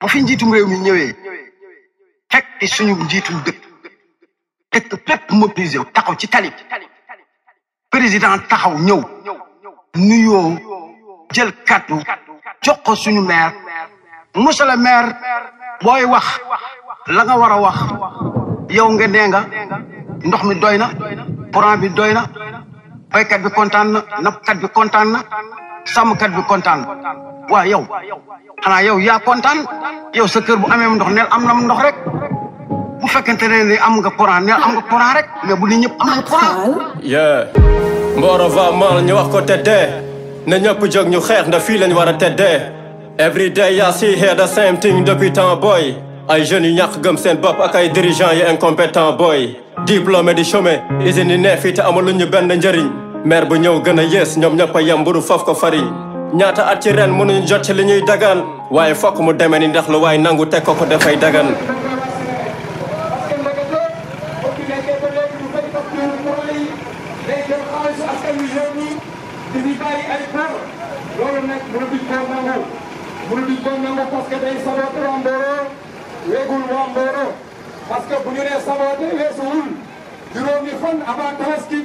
boo fi njiitum réew mi ñëwee fekk fi suñu njiitum dëkk dëkk fépp mobilisé wu taxaw ci tali président taxaw ñëw nuyoo jël kàddu jox ko suñu maire monsieur le maire booy wax la nga war a wax yow nga nee nga ndox mi doy na courant bi doy na béykat bi kontaan na nappkat bi kontaan sàmmkat bi kontaan waa yow xanaa yow ya kontan, yow sa kër bu amee ndox neel am na ndox rek bu fekkente ni am nga courant neel am nga courant rek mais bu ni ñëpp am nañ courant. yeah Mboro va mal ñu wax ko teddee na ñëpp jóg ñu xeex nda fii lañ war a every day yaa see here the same thing depuis temps boy ay jeunes yu ñàkk gëm seen bopp ak ay dirigeants yu incompétent boy diplômé di chômé usine yi ne fii te amaluñu maire bu ñëw gën a yées ñoom fari nyata yem mburu foof ko fariñ ñaata at ci ren mënuñu jot ci li ñuy dagan waaye fokk mu demee ni ndax lu waay nangu teg ko ko dafay dagan mënu di ko nangu parce que day sabote waa Mboro wegul waa Mboro parce pas bu ñu nee sabote weesuwul juróomi fan avant tabaski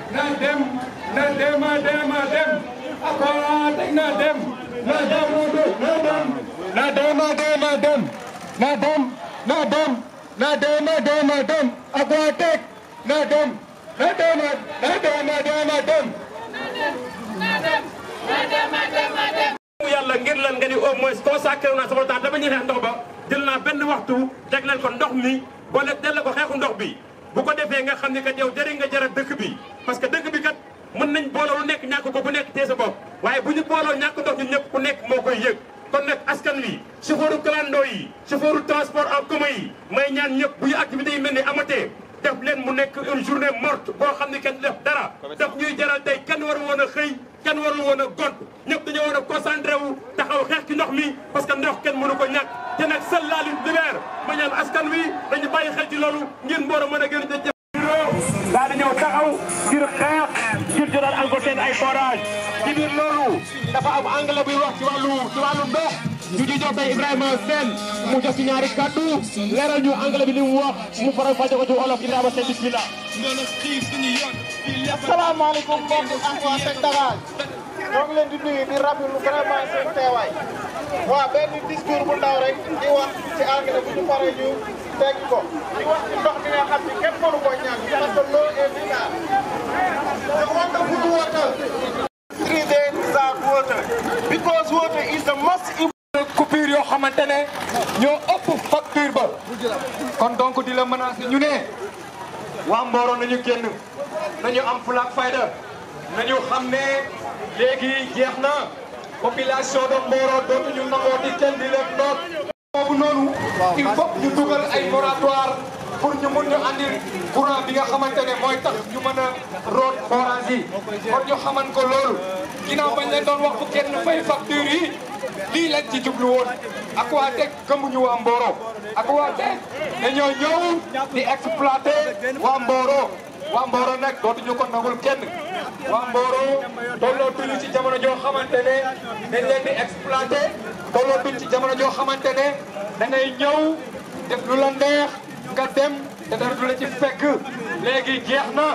na dem na dem a dem a dem akora tey na dem na dem na dem na dem a dem a dem na dem na dem na dem a dem a dem akora tey na dem na dem a na dem a dem a dem. na dem na dem a dem a dem. yàlla ngir lan nga ni au moins consacré na sama temps dama ñu xeex ndox ba jël naa benn waxtu teg leen ko ndox mi boole delloo ko xeexu ndox bi. bu ko defee nga xam ne kat yow jëriñ nga jaral dëkk bi parce que dëkk bi kat mën nañ booloo lu nekk ñàkk ko bu nekk tee sa bopp waaye bu ñu booloo ñàkk ndox ñu ñëpp ku nekk moo koy yëg kon nag askan wi chauffeuru clando yi chauffeuru transport en commun yi may ñaan ñëpp bu ñu activités yi mel ni amatee def leen mu nekk une journée morte boo xam ne kenn def dara daf ñuy jaral tey kenn war woon a xëy kenn warul woon a gont ñëpp dañoo war a concentré wu taxaw xeex ci ndox mi parce que ndox kenn mënu ko ñàkk te nag seul la ma ñaan askan wi dañu bàyyi xel ci loolu ngeen mboor a mën a gën a jëf daa di ñëw taxaw ngir xeex ngir jëlaat encore seen ay forage ci biir loolu dafa am anglais buy wax ci wàllu ci wàllu ndox ñu di Ibrahim tay Ibrahima Sène mu jox ñaari kaddu leral ñu anglais bi lim wax mu faram fajé ko ci Ibrahima bismillah assalamu alaykum mbokk ak ñoo ngi leen di nuyu di rafetlu vraiment seen teewaay waa benn discours bu ndaw rek di wax ci anglais bu ñu paree ñu teg ko di wax ci ndox mi nga xam ni kenn mënu ko ñaan parce que est the water good water three days water because water is the most important coupure yoo xamante ne ñoo ëpp facture ba kon donc di la mën a menacer ñu ne waa Mboro nañu kenn nañu am fulaak fayda nañu xam ne léegi jeex na population de Mboro ñu nangoo di kenn di leen noot boobu noonu il faut ñu dugal ay moratoire pour ñu mun ñu andil courant bi nga xamante ne mooy tax ñu mën a root forage yi ñu xaman ko loolu ginnaaw bañ leen doon wax kenn fay facture yi lii ci jublu woon ak waa teg aku waa Mboro ak di exploiter waa Mboro waa Mboro nag dootuñu ko nangul kenn waa Mboro tollootuñu ci jamono joo xamante dañ leen di exploiter tollootuñu ci jamono joo xamante ne da ngay ñëw def lu la neex nga dem te dara du la ci fekk na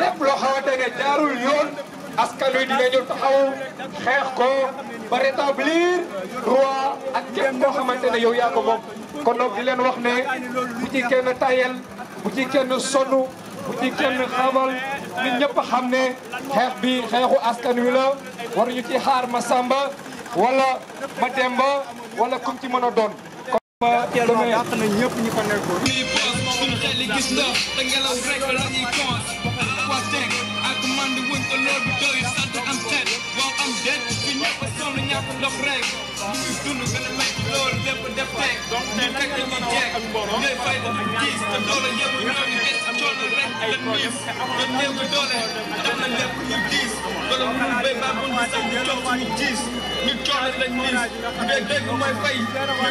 lépp loo ne jaarul yoon askan wi taxaw ko ba rétablir ak yow ko kon di leen wax ne bu ci kenn tayel bu ci kenn sonn bu ci kenn xamal nit ñëpp xam ne xeex bi xeexu askan wi la waruñu ci xaar ma samba wala ma demba wala kum ci mën doon commandé wuñ ko lool bu doy sant am xel waaw am déet fi ñëpp sonn ñàkk ndox rek mu ngi dund gën a métti lool lépp def teg ñu fekk ñu jeeg ngay fay dafa diis te doole yëpp ñoo ngi gis coono rek la niis te néew doole tax na lépp ñu diis loolu mënul béy baa bu ñu sax ñu toog ci ñu diis ñu coono lañ diis bu dee dégg mooy fay ñu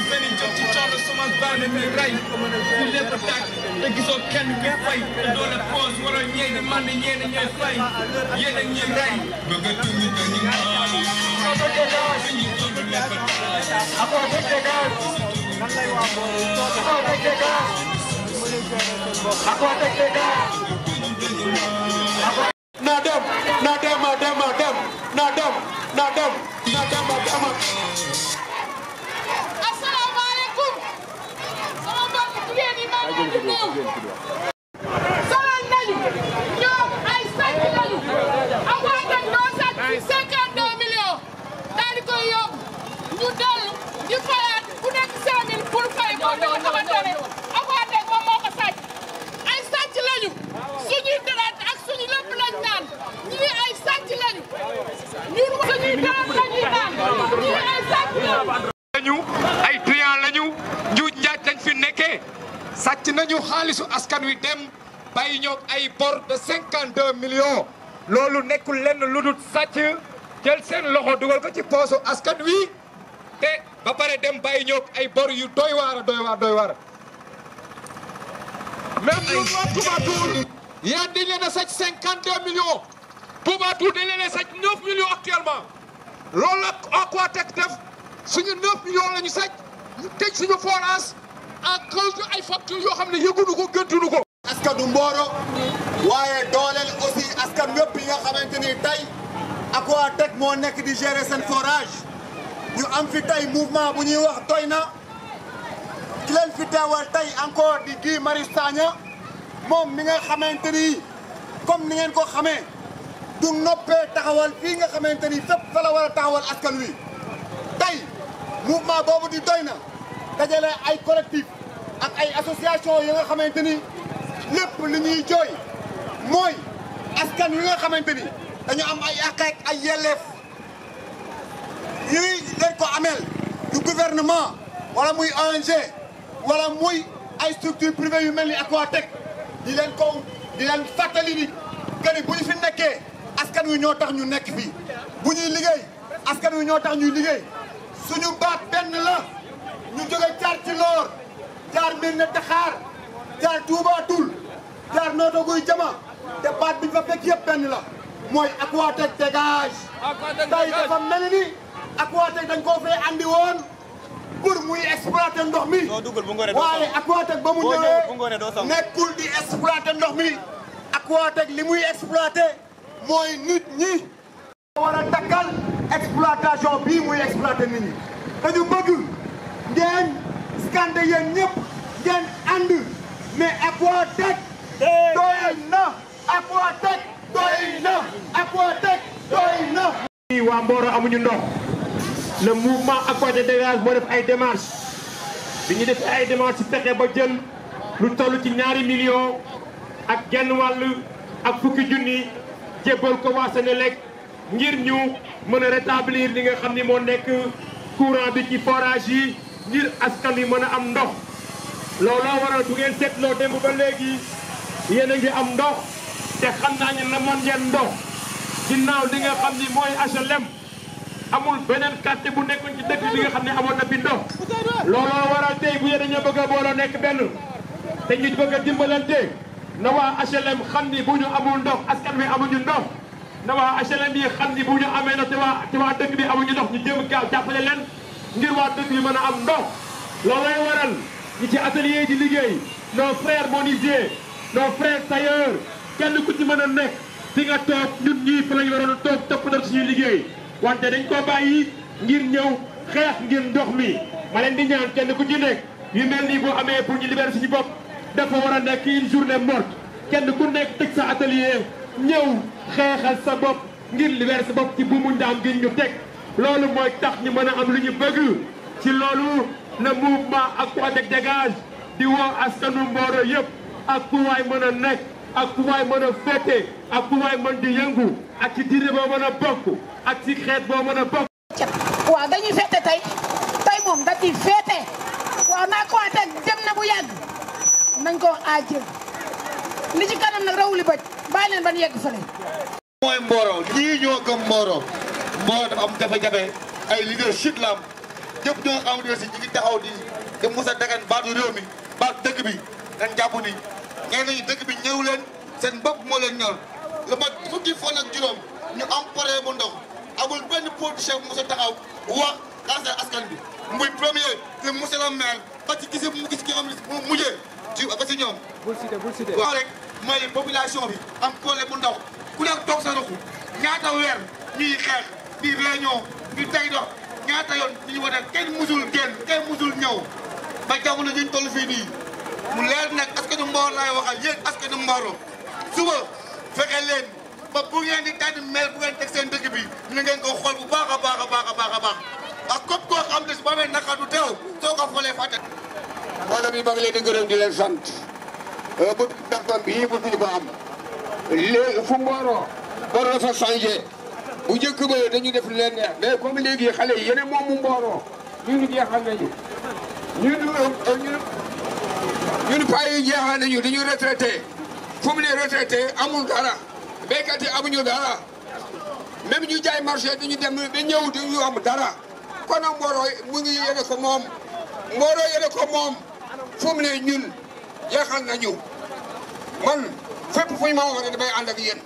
seen i jot ci coono semence baa ne muy rey ku lépp tàkk léegi soo kenn bi fay doole poos wala ñee di mànd ñee di ñooy fay yéen a ñuy rey bëgg a tuñu te ñu na dem na dem na dem na dem na dem na dem na dem ñu nañu xaalisu askan wi dem bàyyi ñoog ay bor de 52 loolu nekkul lenn lu dul sàcc jël seen loxo dugal ko ci poosu askan wi te dem bàyyi ñoog ay bor yu doy waar doy waar doy waar même lu ñoo Toubatoul yaa dañ leen a sàcc loolu la Aquatec def suñu 9 millions la ñu tëj suñu forage en cause ay factures yoo xam ne yëgunu ko gëntunu ko. askanu Mboro waaye dooleel aussi askan wépp yi nga xamante ni tey Aquatech moo nekk di gérer seen forage ñu am fi tey mouvement bu ñuy wax doy na ki leen fi teewal tey encore di Guy Marius Sagna moom mi nga xamante ni comme ni ngeen ko xamee du noppee taxawal fii nga xamante ni fépp fa la war a taxawal askan wi tey boobu di doy na. dajale ay collectif ak ay association yi nga li ñuy askan nga dañu am ay ak ay ko du gouvernement wala muy ONG wala muy ay structure privée yu melni aquatec di len ko di len fatali ni que ni buñu fi nekké askan wi ñoo tax ñu nekk fi askan tax ñuy ñu jóge jaar ci loor jaar Médina Dakhar jaar Touba Toul jaar Notto Gouye Diama te baat bi fa fekk yëpp benn la mooy Aquatech dégage tey dafa mel ni Aquatech dañ koo fee andi woon pour muy exploiter ndox mi waaye Aquatech ba mu ñëwee nekkul di exploiter ndox mi Aquatech li muy exploiter mooy nit ñi war a dakkal exploitation bii muy exploiter nit ñi dañu bëgg ngeen scandé yéen ngeen ànd mais Aquatech doy na Aquatech na waa Mboro amuñu ndox le mouvement Aquatech dégage moo def ay démarches bi ñu def ay démarches ci fexe ba jël lu toll ci ñaari millions ak genn wàll ak fukki junni jébbal ko waa Senelec ngir ñu mën a rétablir li nga xam ni moo nekk courant bi ci forage yi ngir askan wi mën a am ndox looloo waral bu set seetloo démb ba léegi yéen gi am ndox te xam naa ne namoon ngeen ndox ginnaaw li nga xam ni mooy HLM amul beneen quartier bu nekkoon ci dëkk bi nga xam ne amoon na fi ndox looloo waral tey bu yéen dañoo bëgg a booloo nekk benn te ñu bëgg a dimbalante na waa HLM xam ni bu ñu amul ndox askan wi amuñu ndox na waa HLM yi xam ni bu ñu amee ndox te waa te waa dëkk bi amuñu ndox ñu jéem gaaw jàppale leen ngir waa dëkk bi mën am ndox loolay waral ñi ci atelier di liggéey no frères menuisiers no frères tailleurs kenn ku ci mën nek nekk fi nga toog ñun ñii fa lañu waroon a toog topp dal suñuy liggéey wante dañ koo bàyyi ngir ñëw xeex ngir ndox mi ma leen di ñaan kenn ku ci nekk yu mel nii boo amee pour ñu libérer suñu bopp dafa war a une journée morte kenn ku nekk teg sa atelier ñëw xeexal sa bopp ngir libérer sa bopp ci bu mu ndaam gi ñu tek loolu mooy tax ñu mën a am lu ñu bëgg ci loolu le mouvement ak Aquatec dégage di woo askanu Mboro yëpp ak ku waay mën a nekk ak ku waay mën a féete ak ku waay mën di yëngu ak ci diine boo mën a bokk ak ci xeet boo mën a bokk. waaw dañuy féete tey tey moom da ciy féete waaw naa ko Aquatec dem na bu yàgg nañ ko aajël li ci kanam nag rawuli bëj bàyyi leen ban yegg fële. mooy Mboro ñii ñoo gëm Mboro. moo dafa am jafe-jafe ay leadership la am ñëpp am leadership ñu ngi taxaw di di Moussa Dagane baatu réew mi baatu dëkk bi dañ jàpp ni ñenn ñi dëkk bi ñëw seen bopp moo leen ñor lu mat fukki fan ak juróom ñu am pare bu ndox amul benn politicien bu mos a taxaw wax lancer askan bi muy premier le monsieur le maire ba ci gis mu gis ki xam ne mu mujjee ci ba ci ñoom. bul rek mooy population bi am problème bu ndox ku nekk toog sa ruq ñaata weer ñuy biir réunion ñu tey dox ñaata yoon ñu wane kenn musul génn kenn musul ñëw ba jamono ñu toll fii nii mu leer nag askanu Mbour laay waxal yéen askanu Mbour suba fexe leen ba bu ngeen di tànn maire bu ngeen teg seen dëkk bi na ngeen ko xool bu baax a baax a baax a baax a baax ak képp koo xam ne su boobee naka du teew soo ko xoolee fàtte. maanaam yi maa ngi leen di gërëm di leen sant bu ndax tam bii bu ñu ko am léegi fu Mbour war na fa changé. bu njëkk ba dañu def leen neex mais comme léegi xale yi yéen moom mu mbooloo ñun jeexal nañu ñun ñun ñun paa yi jeexal nañu dañu retraité fu mu ne retraité amul dara béykat yi amuñu dara même ñu jaay marché dañu dem ba ñëw dañu am dara kon nag mbooloo mu ngi yéene ko moom mbooloo yéene ko moom fu mu ne ñun jeexal nañu man fépp fu ñu ma waxee damay ànd ak yéen.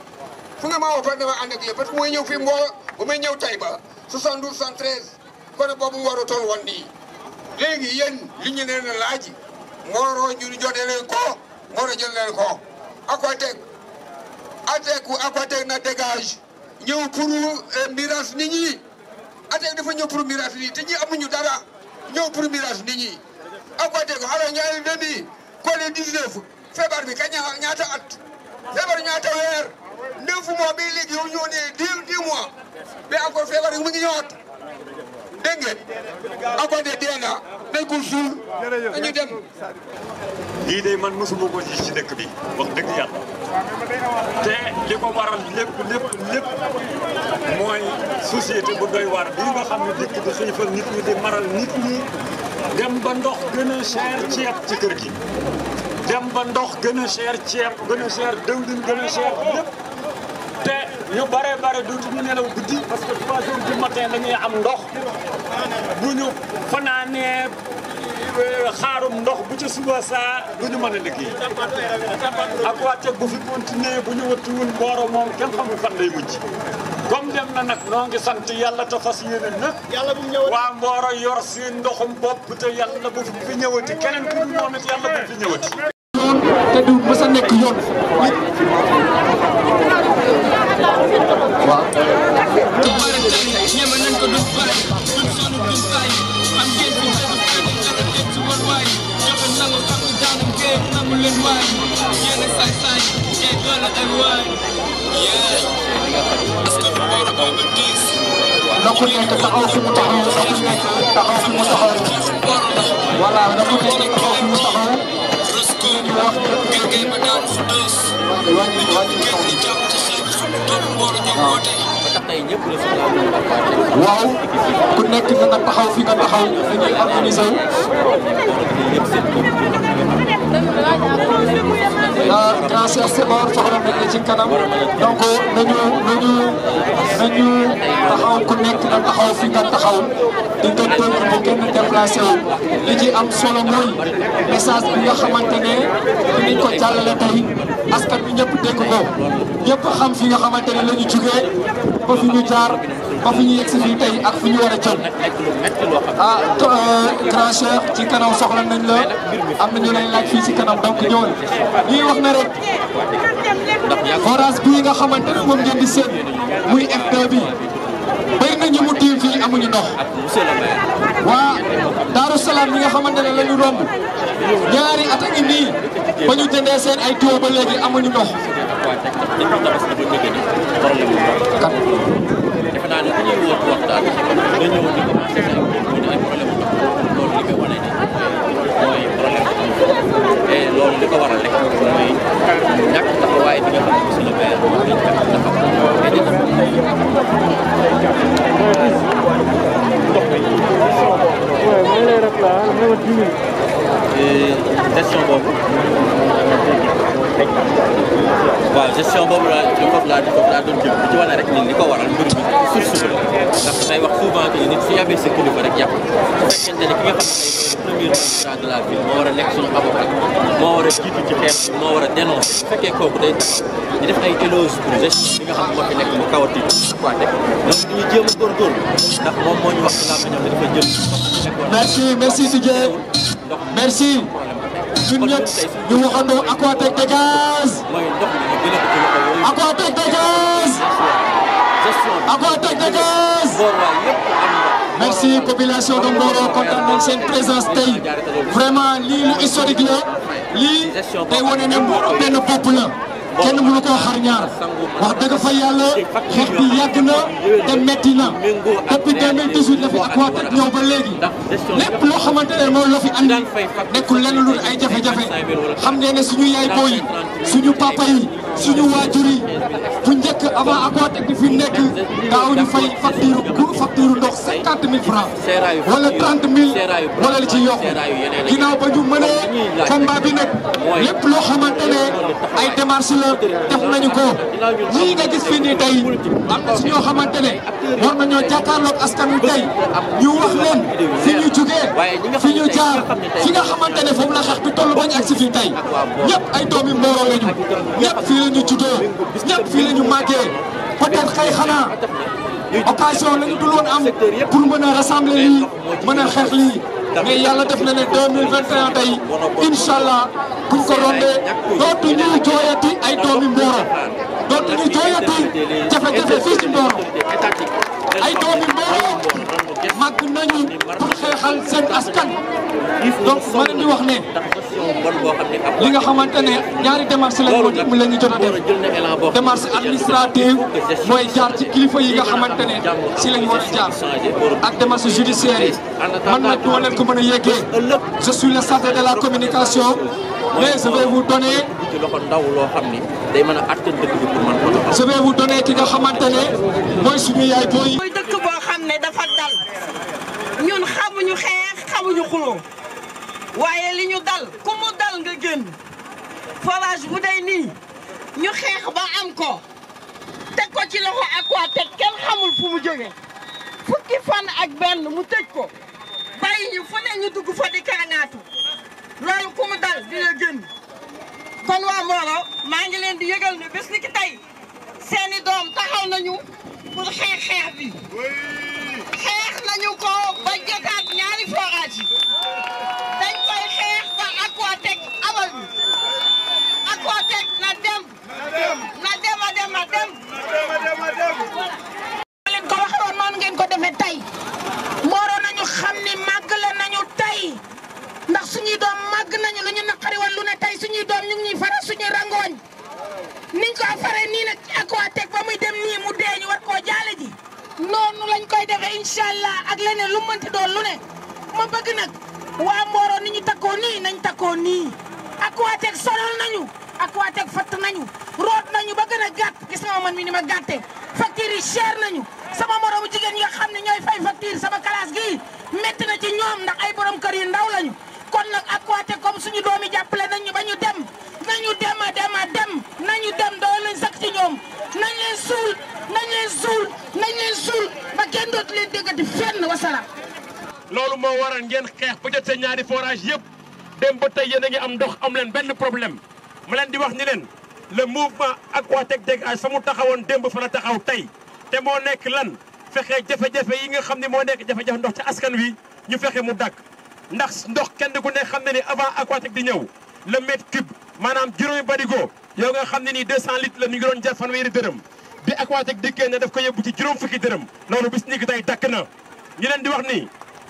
fu ne maa waxoon ne ma ànd ak lépp parce que bu may ñëw fii Mbour bu may ñëw Taïba 72 73 kon boobu warutoon woon nii léegi yéen li ñu nee na laaj Moro ñu jotee ko Moro jël leen ko Aquatec Atec ku Aquatec na dégage ñëw pour eh, mirage nit ñi Atec dafa ñëw pour mirage nit ñi te ñi amuñu dara ñëw pour mirage nit ñi Aquatec xanaa ñaari demi ko le 19 feebar bi ka ñaata at feebar ñaata weer. neuf mois ba léegi yow ñoo nee dix dix mois mais encore feebar mu ngi ñëwaat dégg ngeen de dee naa nañ ko suul nañu dem. lii de man mosuma ko gis ci dëkk bi wax dëgg yàlla te li ko waral lépp lépp mooy société bu doy waar bii nga xam ne dëkk bi xiifal nit ñi di maral nit ñi dem ba ndox gën a cher ceeb ci kër gi. dem ba ndox gën a cher ceeb gën a cher dëwlin gën a cher lépp. ñu bare bare dootuñu nelaw guddi parce que 3 heures du matin dañuy am ndox bu ñu fanaanee euh, xaarum ndox bu ca suba saa du ñu mën lekk liggéey ak wàcce bu fi continuer bu ñu wattuwul Mboro moom kenn xamul fan lay mujj comme dem na nag noo ngi sant yàlla te fas yéene nag waa Mboro yor seen ndoxum bopp te yàlla bu fi ñëwati keneen ku dul moom it yàlla bu fi ñëwati. a nekk yoon. Terus kau, kau kayak Don't Water, not water. waaw ku nekk dana taxaw fi nga taxaw dañuy organiser ci kanam donc nañu nañu taxaw ku nekk taxaw fi nga taxaw di nga bu kenn déplacé wu. ci am solo mooy message bi nga xamante ne ko jàllale tey askan bi ñëpp dégg ko xam fi nga xamante ne la ñu jugee fi ñu jaar ba fi ñu yegsi fii ak fi ñu war ah euh, grand ci kanam soxla nañ la am na lay laaj fii ci kanam donc ñëwal ñuy wax na rek forage bii nga xamante ne ngeen di seen muy bi bay mu amuñu Salam nga lañu romb ñaari seen ay ba amuñu waaye teg li nga xam ne dafa njëkk a problème bu baax. defe naa ne bu ñuy wóor waxtaan nga ñëw di commencé ay problème bu ndox loolu li koy wane ni mooy problème te loolu li ko waral rek mooy ñàkk taxawaay bi nga xam ne monsieur le maire moom lañ fekk taxaw te dina question boobu waaw gestion boobu la foofu laa foofu laa doon jëm bi ci wane rek ni li ko waral mbir mi suuf suuf la ndax day wax souvent que nit su yàbbee sa kilifa rek yàpp bu fekkente ne ki nga xam ne premier magistrat de la ville moo war a nekk suñu avocat moo war a jiitu ci xeex bi moo war a dénoncer bu fekkee kooku day taxaw di def ay éloges pour gestion bi nga xam ne moo fi nekk mu kaw a tiit quoi teg donc dañuy jéem a góorgóorlu ndax moom moo ñu wax ci laa ma ñoom dafa jëm merci merci Didier merci ñun ñëpp ñu waxandoo Aquatech dégage Aquatech dégage Aquatech dégage merci population de Mboro kontaan nañ seen présence tey vraiment lii lu historique la lii tey wane ne Mboro benn bopp la kenn mënu koo xar ñaar wax dëgg fa yàlla xeex bi yàgg na te metti na depuis 2018 la fi ak waa teg ñëw ba léegi lépp loo xamante ne mooy loo fi andi nekkul lenn lu ay xam ngeen ne suñu yaay suñu papa yi suñu waajur yi bu njëkk avant Aquatec bi fi nekk daaw ñu fay facture facture ndox cinquante mille francs wala trente mille wala li ci yokku ginnaaw ba ñu mënee combat bi nag lépp loo xamante ay démarches def nañu ko ñii nga gis fi nii tey am na si ñoo xamante ne war nañoo jàkkaarloog askan wi tey ñu wax leen fi ñu jugee fi ñu jaar fi nga xamante ne foofu la xeex bañ ak si fi tey ñëpp ay doomi mbooloo lañu la ñu juddoo ñëpp fii la ñu màggee peut a xëy xanaa occasion la ñu dul woon am pour mën a rassembler lii mën a xeex lii mais yàlla def na ne 2021 tey incha allah buñ ko rondee dootu ñuy jooyati ay doomi Mboro dootu ñuy jooyati jafe-jafe fii ci Mboro ay doomi Mboro. màgg nañu pour xeexal seen askan. donc ma leen di wax ne li nga xamante ne ñaari démarche lañ woon la ñu jot a def démarche administrative mooy jaar ci kilifa nga xamante si lañ war a jaar ak démarche judiciaire yi man nag duma leen ko mën a yeggee je suis le chargé de la communication mais je vais vous donner. je vais vous donner ki nga xamante mooy suñu yaay booy. xamuñu xeex xamuñu xuloo waaye li ñu dal ku dal nga génn forage bu day nii ñu xeex ba am ko teg ko ci loxo Aquatech kenn xamul fu mu jóge fukki fan ak benn mu tëj ko bàyyi ñu fu ne ñu dugg fa di kaanaatu loolu ku mu dal dina génn kon waa Mboro maa ngi leen di yégal ne bés ni tey seeni doom taxaw nañu pour xeex xeex bi xeex nañu ko ba jotaat ñaari forage yi loolu moo waral ngeen xeex ba jot seen ñaari forage yëpp dem ba tey yéen a ngi am ndox am leen benn problème ma leen di wax ni leen le mouvement Aquatech Dégage fa mu taxawoon démb fa la taxaw tey te moo nekk lan fexee jafe-jafe yi nga xam ne moo nekk jafe-jafe ndox ci askan wi ñu fexe mu dàkk ndax ndox kenn ku ne xam ne ni avant Aquatech di ñëw le mètre cube maanaam juróomi barigo yow nga xam ne nii 200 litres la ñu ngi doon jar fanweeri dërëm bi Aquatech di génne ko yóbbu ci juróom fukki dërëm loolu bis ni tey dakk na ñu di wax ni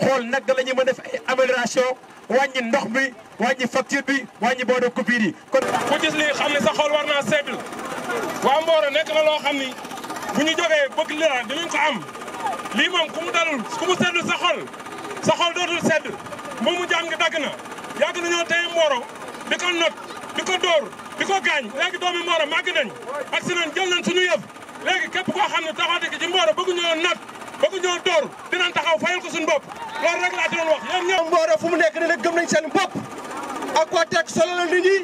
xol nak la ñuy mëna def ay amélioration wañi ndox bi wañi facture bi wañi boo de coupure yi kon ku gis lii xamni sa xol warna naa wa Mboro nek na lo xamni bu ñu jógee bëgg li lira dinañ ko am li mom ku mu dalul ku mu seetlu sa xol sa xol dootul sedd moom mu jaam nga dagg na yàgg nañoo tay Mboro di ko not di ko dóor di ko gaañ léegi doomi Mboro mag nañ ak si jël nañ suñu yëf legi kep ko xamni ne taxaate ci Mboro bëgg ñu not bëgg ñoo door dinañ taxaw fayal ko suñu bopp loolu rek laa ci doon wax yéen ñoom mbooloo fu mu nekk ni gëm nañ seen bopp Aquatech solo la nit ñi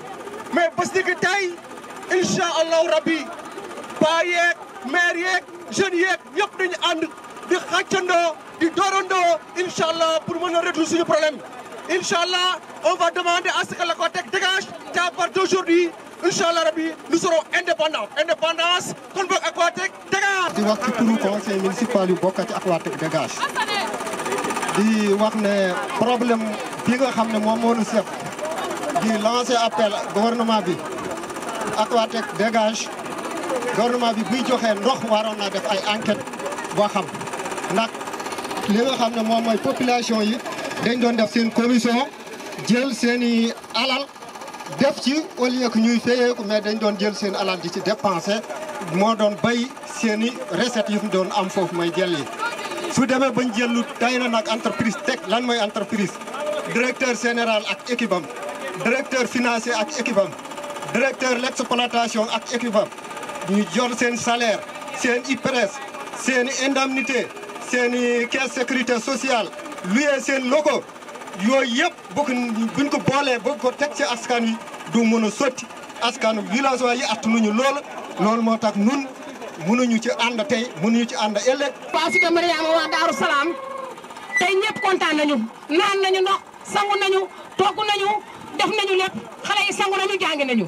mais bés ni ki tey incha rabbi paa yeeg maire yeeg jeunes yeeg ñëpp dañu ànd di xàccandoo di doorandoo incha allah pour mën a résoudre suñu problème incha allah on va demander à ce que l'Aquatech dégage te à d'aujourd'hui incha allah rabbi nous serons indépendants indépendance kon boog Aquatech di wax ci turu conseil municipal yu bokk ci ak waa dégage di wax ne problème bi nga xam ne moom moo ñu seq di lancer appel gouvernement bi ak waa dégage gouvernement bi buy joxe ndox waroon naa def ay enquête boo xam ndax li nga xam ne moom mooy population yi dañ doon def seen commission jël seen i alal def ci au lieu que ñuy fayeeku mais dañ doon jël seen alal di ci dépenser moo doon bay seen i recette yu mu doon am foofu mooy jël yi su demee ba bañ jëllu day na nag entreprise teg lan mooy entreprise directeur général ak équipe am directeur financier ak équipe am directeur l' exploitation ak équipe am ñu jor seen salaire seen IPRES seen i indemnité seen i caisse sécurité sociale luyee seen loko yooyu yëpp bokk buñ ko boolee bëgg ko teg ci askan wi du mën a sotti askan villageois yi attanuñu loolu loolu moo tax nun mënuñu ci ànd tey mënuñu ci ànd ëllëg waaw si de Mariama waa Daaru Salaam tey ñëpp kontaan nañu naan nañu ndox sangu nañu togg nañu def nañu lépp xale yi sangu nañu jàng nañu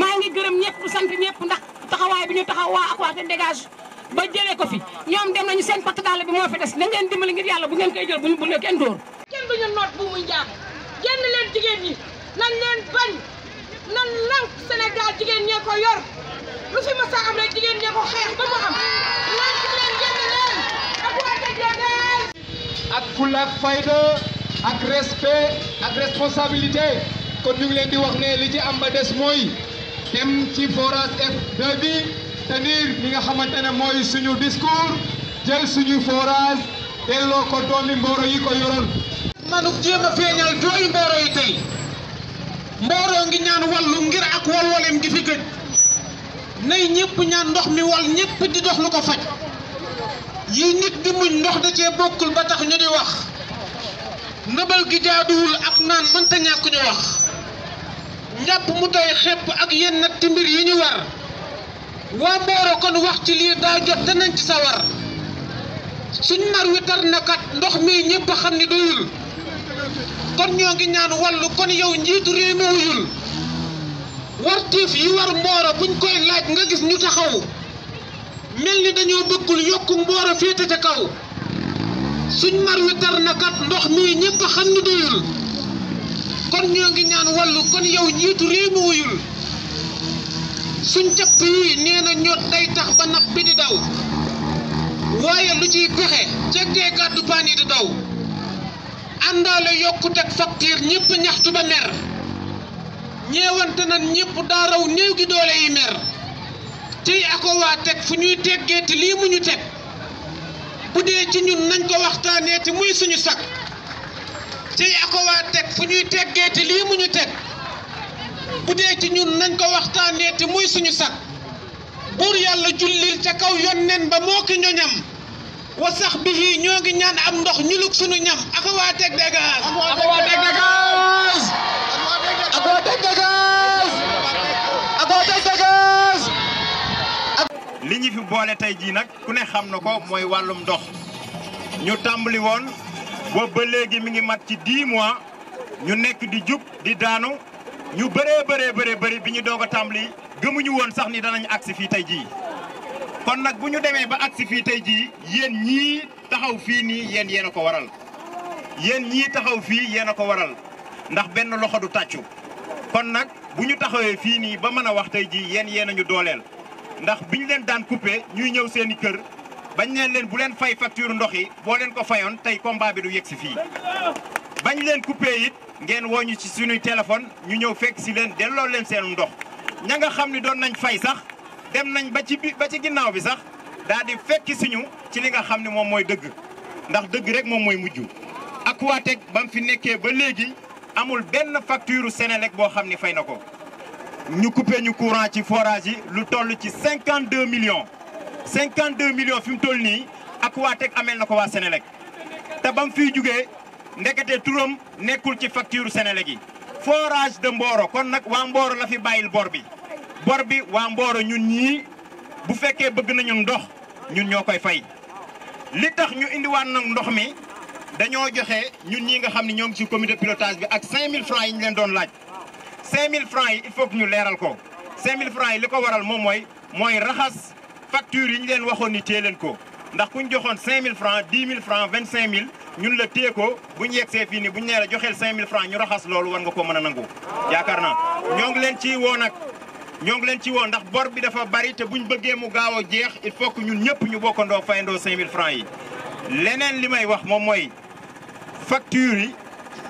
maa ngi gërëm ñëpp du sant ñëpp ndax taxawaay bi ñu taxaw waa Aquatech dégage ba jëlee ko fi ñoom dem nañu seen patt daal bi moo fi des nañ leen dimbali ngir yàlla bu ngeen koy jël buñ bu ne kenn dóor kenn du ñu bu muy jaaxe génn leen jigéen ñi nan leen bañ nan lank Sénégal jigéen ñee ko yor lu masak masa am rek jigéen ñi ko xeex ba am laaj leen génn leen ak waate jagal ak fulla fayda respect di ne am dem ci forage f Davi tenir li nga xamante ne suñu discours jël suñu forage delloo ko doomi Mboro yi ko manuk jéem a feeñal Mboro yi tey Mboro ngi ñaan wallu ngir ak walwaleem gi fi nay ñëpp ñaan ndox mi wal ñëpp di dox lu ko faj yi nit di muñ ndox da cee bokkul ba tax ñu di wax nëbal gi jaaduwul ak naan mënta ñàkk ñu wax njàpp mu doy xepp ak yenn natti mbir yi ñu war waa Mboro kon wax ci lii daa jot danañ ci sawar suñ mar wi tar na ndox mi ñëpp xam doyul kon ñoo ngi ñaan wàllu kon yow njiitu réew mi wuyul wartiif yi war mbooro buñ koy laaj nga gis ñu taxaw mel ni dañoo bëggul yokku mbooro féete ca kaw suñ mar wi tar ndox mii ñëpp xam doyul kon ñoo ngi ñaan wàllu kon yow njiitu réew suñ capp yi nee na ñoot day tax ba napp di daw waaye lu ciy pexe jeggee gàddu paan di daw àndaale yokkut ak fakkiir ñëpp ñaxtu ba mer ñeewante nan ñëpp daa raw néew gi doole yi mer ciy ako waa teg fu ñuy teggee te lii mu ñu teg bu dee ci ñun nañ ko waxtaanee te muy suñu sag ciy ako waa teg nañ ko waxtaanee te muy suñu sag buur yàlla jullil ca kaw yonneen ba moo ki ñoñam wa sax bihi ñoo ngi ñaan am ndox ñuluk suñu ñam ako waa teg dégage li ñu fi boole tey jii nag ku ne xam na ko mooy wàllum ndox ñu tàmbali woon boobu ba léegi mi ngi mat ci 10 mois ñu nekk di jub di daanu ñu bëree bëree bëree bëri bi ñu doog a tàmbali gëmuñu sax ni danañ agsi fii tey jii. kon nag bu ñu ba aksi fii tey jii yéen ñii taxaw fii nii yéen yéen waral taxaw waral. ndax benn loxo du tàccu kon nag bu ñu taxawee fii nii ba mën a wax tey jii yéen yéen a dooleel ndax bi ñu leen daan coupé ñuy ñëw seen i kër bañ leen leen bu leen fay facture ndox yi boo leen ko fayoon tey combat bi du yegg si fii. bañ leen coupé it ngeen woo ci suñuy téléphone ñu ñëw fekk si leen delloo leen seenu ndox ña nga xam ni doon nañ fay sax dem nañ ba ci bi ba ci ginnaaw bi sax daal fekk fekki suñu ci li nga xam ni moom mooy dëgg ndax dëgg rek moom mooy mu fi ba léegi. amul benn facture Sénélec boo xam ni fay na ko ñu coupé ñu courant ci forage yi lu toll ci cinquante deux millions cinquante deux millions fi mu toll nii ak waa teg ameel na ko waa Sénélec te ba mu fiy jugee ndekete turam nekkul ci facture Sénélec yi forage de Mboro kon nag waa Mboro la fi bàyyil bor bi bor bi waa Mboro ñun ñii bu fekkee bëgg nañu ndox ñun ñoo koy fay li tax ñu indiwaan na ndox mi dañoo joxe ñun ñi nga xam ne ñoo ngi ci comité pilotage bi ak 5000 francs yi ñu leen doon laaj 5000 francs yi il faut que ñu leeral ko 5000 francs yi li ko waral moom mooy mooy raxas facture yi ñu leen waxoon ni téye leen ko ndax ku ñu joxoon 5000 francs 10 000 francs 25000 ñun la téye ko bu ñu yegsee fii nii bu ñu nee la joxeel 5000 francs ñu raxas loolu war nga ko mën a nangu. yaakaar na ñoo ngi leen ci woo nag ñoo ngi leen ci woo ndax bor bi dafa bari te bu ñu bëggee mu gaaw a jeex il faut que ñun ñëpp ñu bokkandoo fayandoo 5000 francs yi. leneen li may wax moom mooy facture yi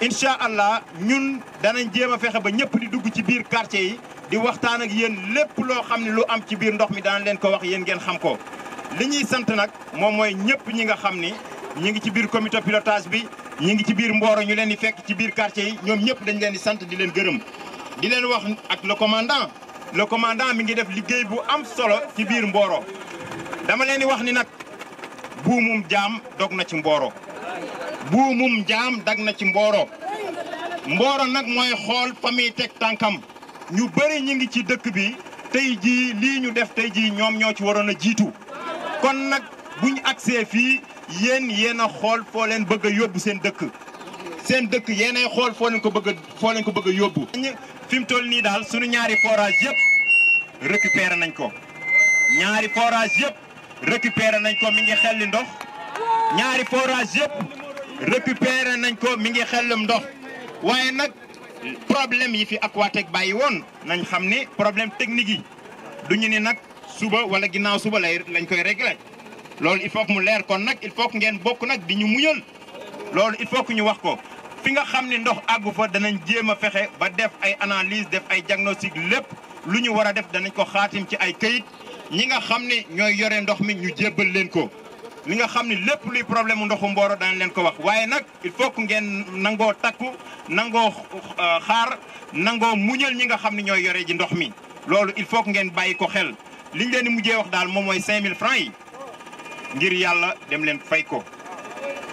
incha allah ñun danañ jéem a fexe ba ñëpp di dugg ci biir quartier yi di waxtaan ak yéen lépp loo xam ne lu am ci biir ndox mi daan leen ko wax yéen ngeen xam ko. li ñuy sant nag moom mooy ñëpp ñi nga xam ni ñu ngi ci biir comité pilotage bi ñu ngi ci biir mbooro ñu leen di fekk ci biir quartier yi ñoom ñëpp dañ leen di sant di leen gërëm di leen wax ak le commandant. le commandant mi ngi def liggéey bu am solo ci biir Mboro buumum jaam dog na ci mbooro buumum jaam dag na ci mbooro mbooro nag mooy xool fa teg tànkam ñu bari ñu ngi ci dëkk bi tey jii lii ñu def tey jii ñoom ñoo ci waroon a jiitu kon nag buñ agsee fii yéen yéen a xool foo leen bëgg yóbbu seen dëkk seen dëkk yéenay xool foo leen ko bëgg a foo ko bëgg yóbbu fi mu toll nii daal sunu ñaari forage yëpp récupéré nañ ko ñaari forage yëpp récupéré nañ ko mi ngi xelli ndox ñaari forage yëpp récupéré nañ ko mi ngi xellum ndox waaye nag problème yi fi Aquatech bàyyi woon nañ xam ni problème technique yi du ñu ni nag suba wala ginnaaw suba lay lañ koy réglé loolu il faut mu leer kon nag il faut que ngeen bokk nag di ñu muyoon loolu il faut ñu wax ko fi nga xam ni ndox àggu fa danañ jéem a fexe ba def ay analyse def ay diagnostic lépp lu ñu war a def danañ ko xaatim ci ay kayit ñi nga xam ne ñooy yore ndox mi ñu jébbal leen ko li nga xam ne lépp luy problème ndoxu Mboro daan leen ko wax waaye nag il faut ngeen nangoo takku nangoo euh, xaar nangoo muñal ñi nga xam ne ñooy yore ji ndox mi loolu il faut que ngeen bàyyi ko xel liñ leen mujjee wax daal moom mooy 5000 francs yi ngir yàlla dem leen fay ko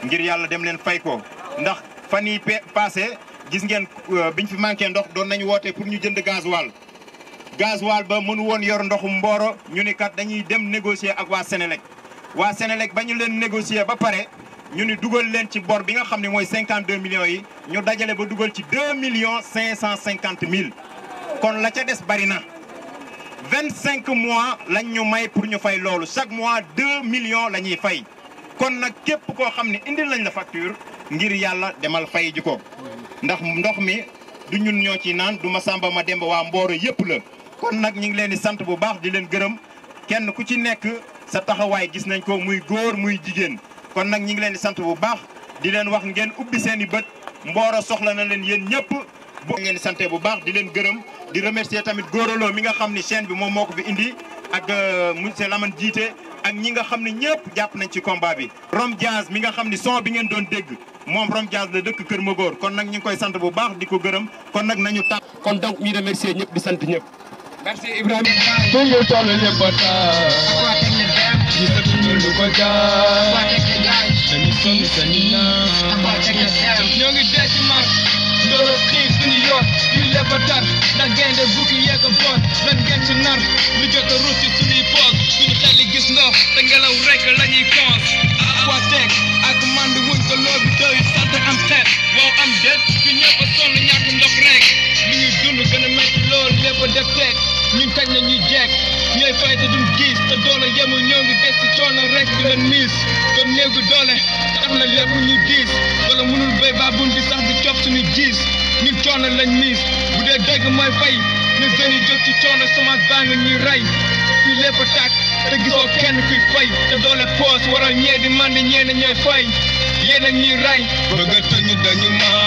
ngir yàlla dem leen fay ko ndax fan yii passé gis ngeen euh, biñ fi manqué ndox doon nañu woote pour ñu jënd gasoil gasoil ba mënu won yor ndoxu Mboro ñu ni kat dañuy dem négocier ak wa Sénélec wa Sénélec ba ñu leen négocier ba paré ñu ni dugal leen ci bor bi nga xamni moy 52 millions yi ñu dajalé ba duggal ci 2 millions 550 000, kon la ca dess barina 25 mois lañ ñu may pour ñu fay lolu chaque mois 2 millions lañuy fay kon nak képp ko xamni indi lañ la facture ngir yalla demal fay jiko ndax ndox mi du ñun ñoo ci naan du ma samba ma demba wa Mboro yépp la kon nag ñu ngi leen di sant bu baax di leen gërëm kenn ku ci nekk sa taxawaay gis nañ ko muy góor muy jigéen kon nag ñu ngi leen di sant bu baax di leen wax ngeen ubbi seen i bët Mboro soxla na leen yéen ñëpp. bu ngeen di sante bu baax di leen gërëm di remercier tamit góoraloo mi nga xam ni chaîne bi moom moo ko fi indi ak euh, monsieur Lamane Jiite ak ñi nga xam ne ñëpp jàpp nañ ci combat bi. Rom Diaz mi nga xam ni son bi ngeen doon dégg moom Rom Diaz la dëkk Kër Magor kon nag ñu ngi koy sant bu baax di ko gërëm kon nag nañu tàq. kon donc ñuy remercier ñëpp di sant ñëpp. Merci Ibrahima. fu ñu toll lépp a taal. ñu tëdd ñu lu ko jaar. dañu sonn dañu naan. ñoo ngi dee ci mar. ndóol ak xiif suñu yoon. ñu lépp a tar. ndax gaynde bukki yee ko boot. lan ngeen ci nar. lu jot a ruus ci suñuy poos. suñu xel yi gis ndox. te ngelaw rek la ñuy ko. doole tax na lépp ñu diis wala mënul béy ba bun bi sax di cof suñu jiis ñun coono lañ miis bu dee dégg mooy fay ñu jeunes yi jóg ci coono semence baa ngi ñuy rey fii lépp tàkk te gisoo poos waral ñee di mandi ñee ne ñooy fay yéen a ñuy rey bëgg a tëñu dañu maa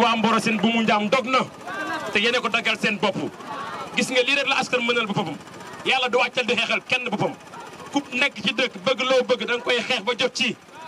waa Mborosen bu mu njaam dog na te yéene ko daggal seen bopp gis nga lii rek la askan mënal boppam yàlla du wàccal di xeexal kenn boppam ku nekk ci dëkk bëgg loo bëgg da koy xeex ba jot ci